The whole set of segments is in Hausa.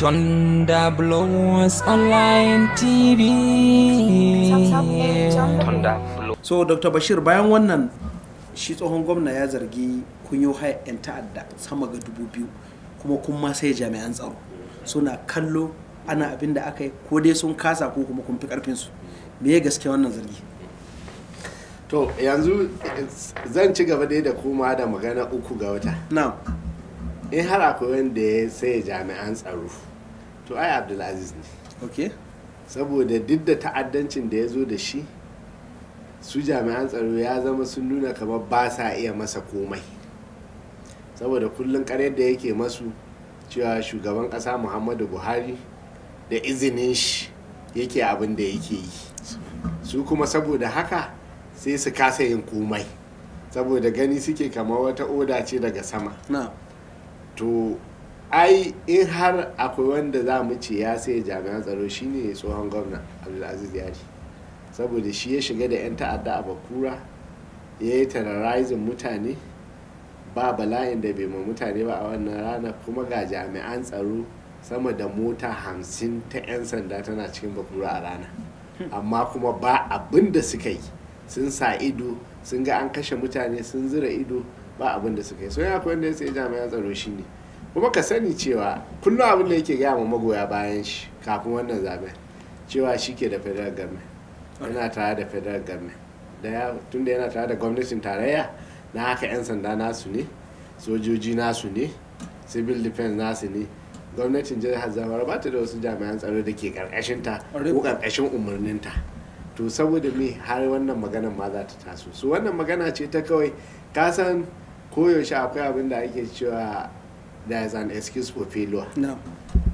Thunder Blows Online TV. So, Dr. Bashir, bayan wannan shi tsohon gwamna ya zargi kun yi haya 'yan ta'adda sama ga dubu biyu kuma kun ma sai jami'an tsaro suna kallo ana abin da aka yi ko dai sun kasa ko kuma kun fi karfinsu me ya gaske wannan zargi to yanzu zan ci gaba dai da kuma da magana uku ga wata na'am in har akwai wanda ya sai jami'an tsaro to ai abdulaziz ne okay saboda duk da ta'addancin da ya zo da shi su jami'an tsaro ya zama sun nuna kamar ba sa iya masa komai saboda kullum karyar da yake masu cewa shugaban kasa muhammadu buhari da izinin shi yake abin da yake yi su kuma saboda haka sai su kasa yin komai saboda gani suke kamar wata oda ce daga sama to ai in har akwai wanda za mu ce ya sai jami'an tsaro shine tsohon gwamna abdulaziz yari saboda shi ya shiga da 'yan ta'adda a bakura ya yi terrorizing mutane ba bala'in da bai ma mutane ba a wannan rana kuma ga jami'an tsaro sama da mota hamsin ta 'yan sanda tana cikin bakura a rana amma kuma ba abin da suka yi sun sa ido sun ga an kashe mutane sun zira ido ba abin da suka yi so ya akwai wanda ya sai jami'an tsaro shi ne kuma ka sani cewa kullum abin da yake gaya ma magoya bayan shi kafin wannan zaben cewa shi ke da federal government yana tare da federal government tun da yana tare da gwamnatin tarayya na haka 'yan sanda nasu ne sojoji nasu ne civil defense nasu ne gwamnatin jihar zamara ba ta da wasu jami'an tsaro da ke karkashinta ko karkashin umarninta to saboda me har wannan maganan ma za ta taso su wannan magana ce ta kawai kasan koyaushe akwai abin da ake cewa there is an excuse for failure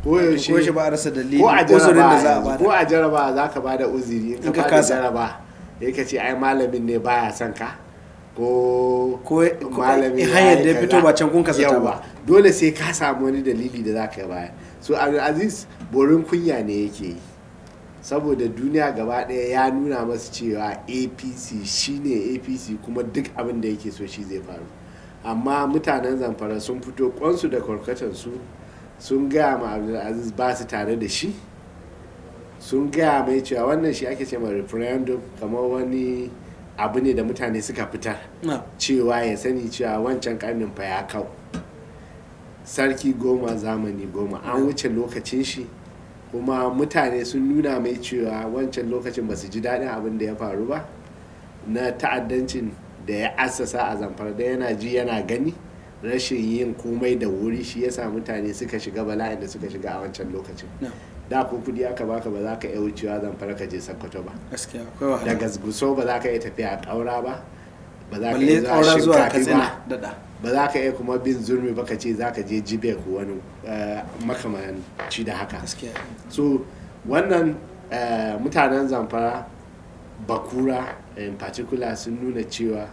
koyaushe ba a rasa dalili ko a jaraba ko a jaraba za ka ba da uziri in ka ba da jaraba ya ka ce ai malamin ne baya son ka ko ya hanyar da ya fito ba can kun sata ba dole sai ka samu wani dalili da za ka baya so aziz borin kunya ne yake yi saboda duniya gaba daya ya nuna masu cewa apc shine apc kuma duk abin da yake so shi zai faru amma mutanen zamfara sun fito kwansu da kwarkatansu sun gaya ma abdulaziz ba su tare da shi sun gaya mai cewa wannan shi ake ce ma referendum kamar wani abu ne da mutane suka fita cewa ya sani cewa wancan karnin fa ya kau sarki goma zamani goma an wuce lokacin shi kuma mutane sun nuna mai cewa wancan lokacin ba su ji daɗin abin da ya faru ba na ta'addancin da ya assasa a zamfara da yana ji yana gani rashin yin komai da wuri shi yasa mutane suka shiga bala'in da suka shiga a wancan lokacin da ko kudi aka baka ba za ka iya wucewa zamfara ka je sakkwato ba daga guso ba za ka iya tafiya a ba ba za ka iya kuma bin zurmi ba ka ce za ka je jibe ko wani eh, makamanci da haka so wannan eh, mutanen zamfara bakura in particular sun nuna cewa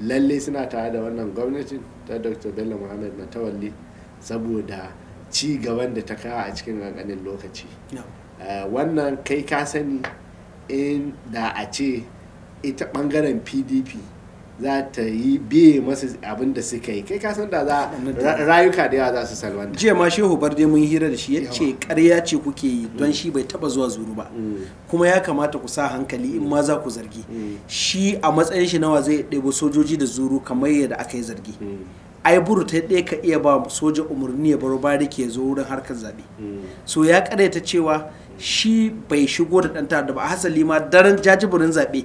lalle suna tare da wannan gwamnatin ta dr bello muhammad matawalli saboda ci gaban da ta kawo a cikin ƙanƙanin lokaci eh, wannan kai ka sani in da a ce ita bangaren pdp za ta yi biye masu abin da suka yi kai kasan da za rayuka da yawa za su salwanta jiya ma shehu barde mun hira da shi ya ce karya ce kuke yi don shi bai taba zuwa zuru ba mm. kuma ya kamata ku sa hankali in ma za ku zargi mm. shi a matsayin shi nawa zai ɗebo sojoji da zuru kamar yadda aka yi zargi mm. ai buru ta ɗaya ka iya ba soja umarni ya baro bariki ke zo wurin harkar zaɓe so ya ta cewa shi bai shigo da ɗan da ba hasali ma daren jajiburin zaɓe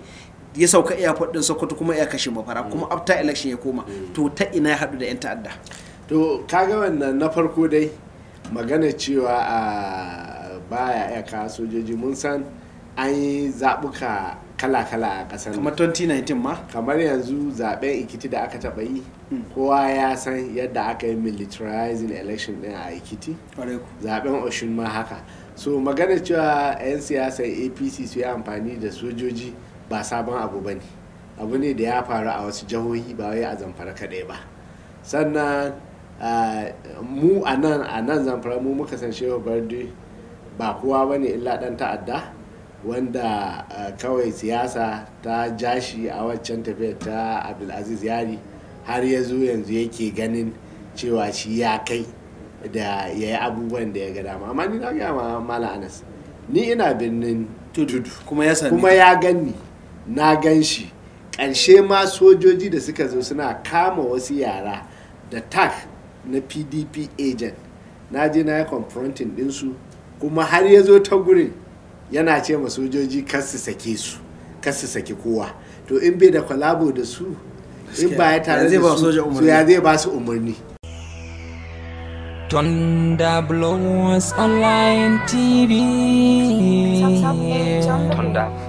ya sauka airport din sokoto kuma ya kashe mafara kuma mm. after election ya koma mm. to ta ina ya haɗu da 'yan ta'adda to kaga wannan na farko dai magana cewa a baya ya kawo sojoji mun san an yi zaɓuka kala-kala a kasar kamar 2019 ma kamar yanzu zaɓen ikiti da aka taba yi mm. kowa ya san yadda aka yi militarizing election ɗin a ikiti zaɓen oshun ma haka so magana cewa 'yan siyasar apc su yi amfani da sojoji ba sabon abu ba ne abu ne da ya faru a wasu jihohi ba wai a zamfara kaɗai ba sannan mu a nan a nan zamfara mu muka san shehu bardi ba kowa ba ne illa ɗan ta'adda wanda kawai siyasa ta jashi a waccan tafiyar ta abdulaziz yari har ya zo yanzu yake ganin cewa shi ya kai da ya yi abubuwan da ya ga dama amma ni na gaya ma mala anas ni ina birnin tudu kuma ya ganni. na gan shi ƙarshe ma sojoji da suka zo suna kama wasu yara da tag na pdp agent na je na yi confronting dinsu kuma har ya zo ta gurin yana ce ma sojoji kar su sake su su kowa to in bai da kwalabo da su in ba ya tare da su ya zai ba su umarni Thunder Blows Online TV. Thunder.